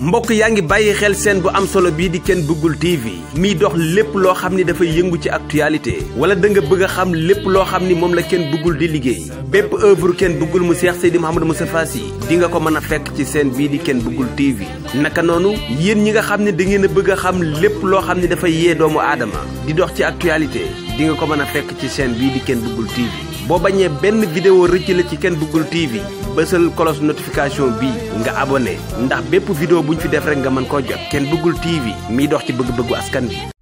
mbokk yaa ngi bàyyi xel seen bu am solo bii di kenn bëggul TV mii dox lépp loo xam ni dafay yëngu ci actualité wala da nga bëgg a xam lépp loo xam ni moom la kenn bëggul di liggéey bépp œuvre kenn bëggul mu Seex Seydi Mouhamadou Moustapha Sy di nga ko mën a fekk ci seen bii di kenn bëggul TV naka noonu yéen ñi nga xam ne da ngeen a bëgg a xam lépp loo xam ne dafay yee doomu aadama di dox ci actualité di nga ko mën a fekk ci seen bii di kenn Bugul TV boo bañee benn vidéo rëcc la ci Ken Bugul TV bësal kolos notification bi nga abonné ndax bépp vidéo bu ñu fi def rek nga mën koo jot Ken Bugul TV miy dox ci bëgg-bëggu askan bi